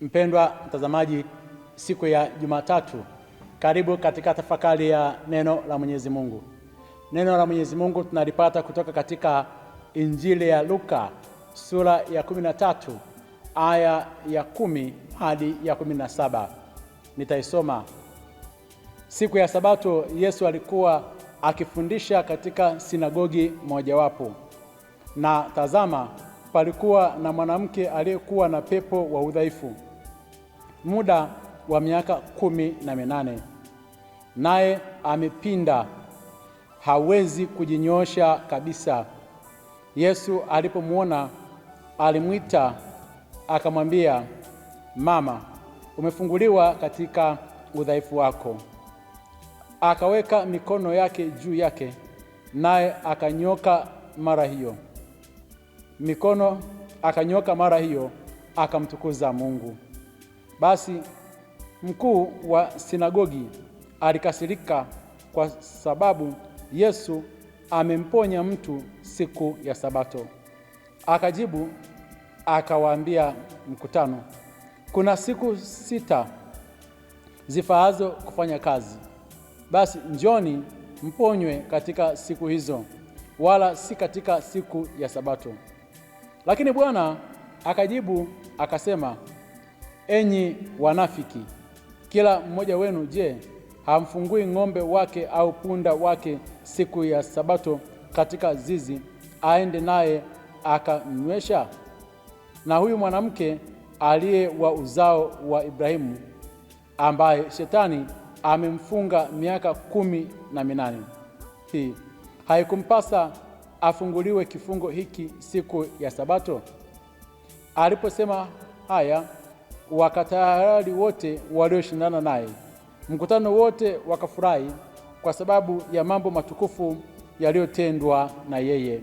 Mpendwa mtazamaji, siku ya Jumatatu, karibu katika tafakari ya neno la Mwenyezi Mungu. Neno la Mwenyezi Mungu tunalipata kutoka katika Injili ya Luka sura ya 13 aya ya kumi hadi ya kumi na saba. Nitaisoma. Siku ya Sabato Yesu alikuwa akifundisha katika sinagogi mojawapo, na tazama, palikuwa na mwanamke aliyekuwa na pepo wa udhaifu muda wa miaka kumi na minane, naye amepinda, hawezi kujinyosha kabisa. Yesu alipomwona alimwita akamwambia, Mama, umefunguliwa katika udhaifu wako. Akaweka mikono yake juu yake, naye akanyoka mara hiyo mikono akanyoka mara hiyo, akamtukuza Mungu. Basi mkuu wa sinagogi alikasirika kwa sababu Yesu amemponya mtu siku ya Sabato. Akajibu akawaambia mkutano, kuna siku sita zifaazo kufanya kazi, basi njoni mponywe katika siku hizo, wala si katika siku ya Sabato. Lakini Bwana akajibu akasema enyi wanafiki, kila mmoja wenu je, hamfungui ng'ombe wake au punda wake siku ya Sabato katika zizi aende naye akamnywesha? Na huyu mwanamke aliye wa uzao wa Ibrahimu, ambaye shetani amemfunga miaka kumi na minane, hii haikumpasa afunguliwe kifungo hiki siku ya Sabato? Aliposema haya wakatahayari wote walioshindana naye. Mkutano wote wakafurahi kwa sababu ya mambo matukufu yaliyotendwa na yeye.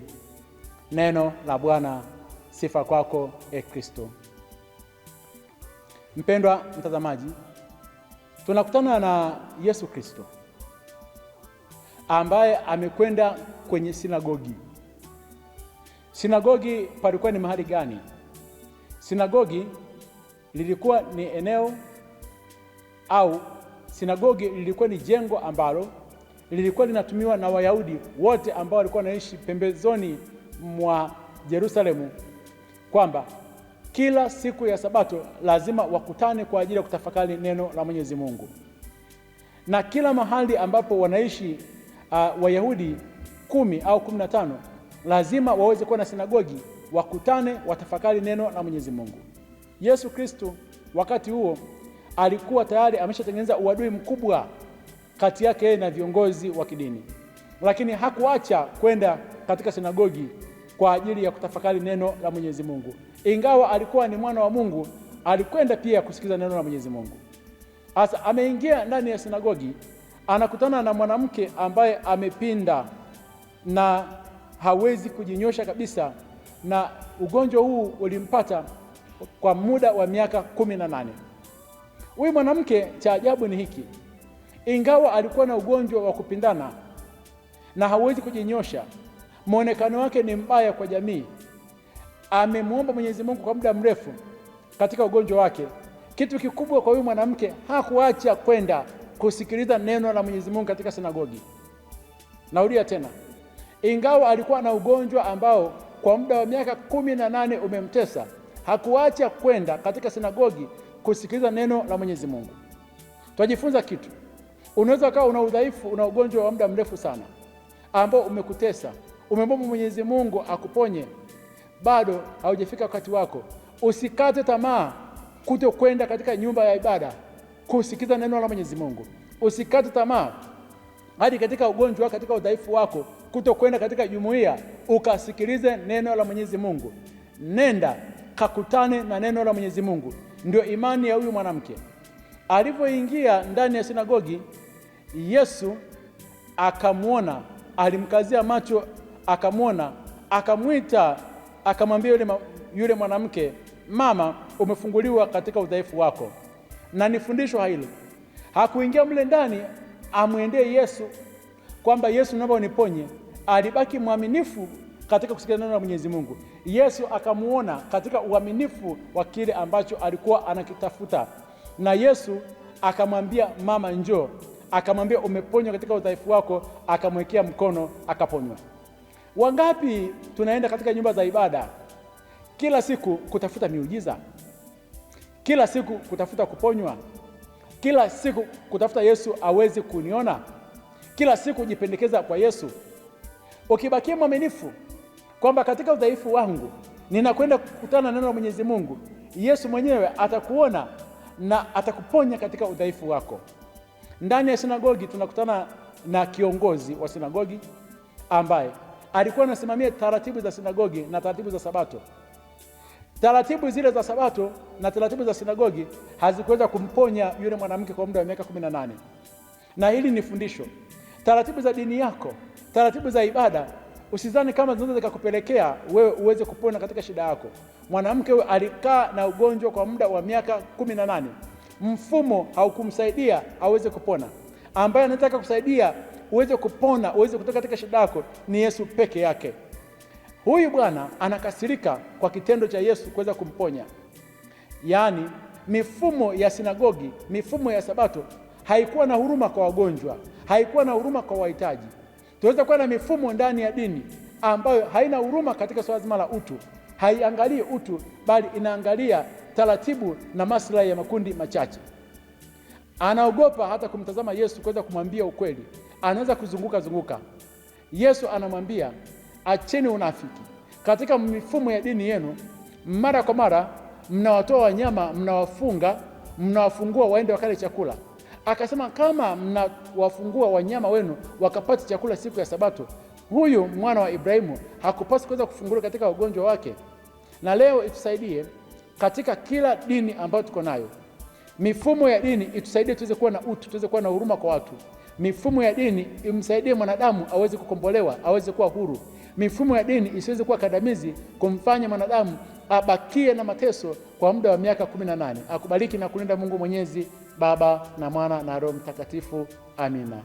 Neno la Bwana. Sifa kwako e Kristo. Mpendwa mtazamaji, tunakutana na Yesu Kristo ambaye amekwenda kwenye sinagogi. Sinagogi palikuwa ni mahali gani? Sinagogi lilikuwa ni eneo au sinagogi lilikuwa ni jengo ambalo lilikuwa linatumiwa na Wayahudi wote ambao walikuwa wanaishi pembezoni mwa Yerusalemu, kwamba kila siku ya Sabato lazima wakutane kwa ajili ya kutafakari neno la Mwenyezi Mungu, na kila mahali ambapo wanaishi uh, Wayahudi kumi au kumi na tano lazima waweze kuwa na sinagogi, wakutane watafakari neno la Mwenyezi Mungu. Yesu Kristo wakati huo alikuwa tayari ameshatengeneza uadui mkubwa kati yake yeye na viongozi wa kidini, lakini hakuacha kwenda katika sinagogi kwa ajili ya kutafakari neno la Mwenyezi Mungu. Ingawa alikuwa ni mwana wa Mungu, alikwenda pia kusikiza neno la Mwenyezi Mungu. Sasa ameingia ndani ya sinagogi, anakutana na mwanamke ambaye amepinda na hawezi kujinyosha kabisa, na ugonjwa huu ulimpata kwa muda wa miaka kumi na nane. Huyu mwanamke cha ajabu ni hiki, ingawa alikuwa na ugonjwa wa kupindana na hawezi kujinyosha, mwonekano wake ni mbaya kwa jamii. Amemwomba Mwenyezi Mungu kwa muda mrefu katika ugonjwa wake. Kitu kikubwa kwa huyu mwanamke, hakuacha kwenda kusikiliza neno la Mwenyezi Mungu katika sinagogi. Naudia tena, ingawa alikuwa na ugonjwa ambao kwa muda wa miaka kumi na nane umemtesa hakuacha kwenda katika sinagogi kusikiliza neno la Mwenyezi Mungu. Twajifunza kitu. Unaweza ukawa una udhaifu, una ugonjwa wa muda mrefu sana ambao umekutesa, umemwomba Mwenyezi Mungu akuponye, bado haujafika wakati wako. Usikate tamaa kuto kwenda katika nyumba ya ibada kusikiliza neno la Mwenyezi Mungu. Usikate tamaa hadi katika ugonjwa, katika udhaifu wako, kuto kwenda katika jumuiya ukasikilize neno la Mwenyezi Mungu. Nenda kakutane na neno la Mwenyezi Mungu. Ndio imani ya huyu mwanamke. Alipoingia ndani ya sinagogi, Yesu akamwona, alimkazia macho, akamwona, akamwita, akamwambia yule, yule mwanamke, mama, umefunguliwa katika udhaifu wako. Na nifundishwa hilo, hakuingia mle ndani amwendee Yesu kwamba Yesu, naomba uniponye. Alibaki mwaminifu katika kusikia neno la Mwenyezi Mungu. Yesu akamuona katika uaminifu wa kile ambacho alikuwa anakitafuta, na Yesu akamwambia mama, njoo. Akamwambia umeponywa katika udhaifu wako, akamwekea mkono akaponywa. Wangapi tunaenda katika nyumba za ibada kila siku kutafuta miujiza, kila siku kutafuta kuponywa, kila siku kutafuta Yesu awezi kuniona, kila siku jipendekeza kwa Yesu. Ukibakia mwaminifu kwamba katika udhaifu wangu ninakwenda kukutana neno la Mwenyezi Mungu. Yesu mwenyewe atakuona na atakuponya katika udhaifu wako. Ndani ya sinagogi tunakutana na kiongozi wa sinagogi ambaye alikuwa anasimamia taratibu za sinagogi na taratibu za Sabato. Taratibu zile za Sabato na taratibu za sinagogi hazikuweza kumponya yule mwanamke kwa muda wa miaka 18. Na hili ni fundisho. Taratibu za dini yako, taratibu za ibada Usizani kama zinaweza zikakupelekea wewe uweze kupona katika shida yako. Mwanamke huyo alikaa na ugonjwa kwa muda wa miaka kumi na nane, mfumo haukumsaidia aweze kupona. Ambaye anataka kusaidia uweze kupona, uweze kutoka katika shida yako ni Yesu peke yake. Huyu bwana anakasirika kwa kitendo cha Yesu kuweza kumponya. Yaani, mifumo ya sinagogi, mifumo ya Sabato haikuwa na huruma kwa wagonjwa, haikuwa na huruma kwa wahitaji tunaweza kuwa na mifumo ndani ya dini ambayo haina huruma katika swala zima la utu, haiangalii utu, bali inaangalia taratibu na maslahi ya makundi machache. Anaogopa hata kumtazama Yesu kuweza kumwambia ukweli, anaweza kuzunguka zunguka. Yesu anamwambia acheni unafiki. Katika mifumo ya dini yenu, mara kwa mara mnawatoa wanyama, mnawafunga, mnawafungua waende wakale chakula. Akasema kama mnawafungua wanyama wenu wakapata chakula siku ya Sabato, huyu mwana wa Ibrahimu hakupaswi kuweza kufunguliwa katika ugonjwa wake. Na leo itusaidie katika kila dini ambayo tuko nayo, mifumo ya dini itusaidie tuweze kuwa na utu, tuweze kuwa na huruma kwa watu. Mifumo ya dini imsaidie mwanadamu aweze kukombolewa, aweze kuwa huru. Mifumo ya dini isiweze kuwa kandamizi, kumfanya mwanadamu abakie na mateso kwa muda wa miaka kumi na nane. Akubariki na kulinda Mungu Mwenyezi Baba na Mwana na Roho Mtakatifu. Amina.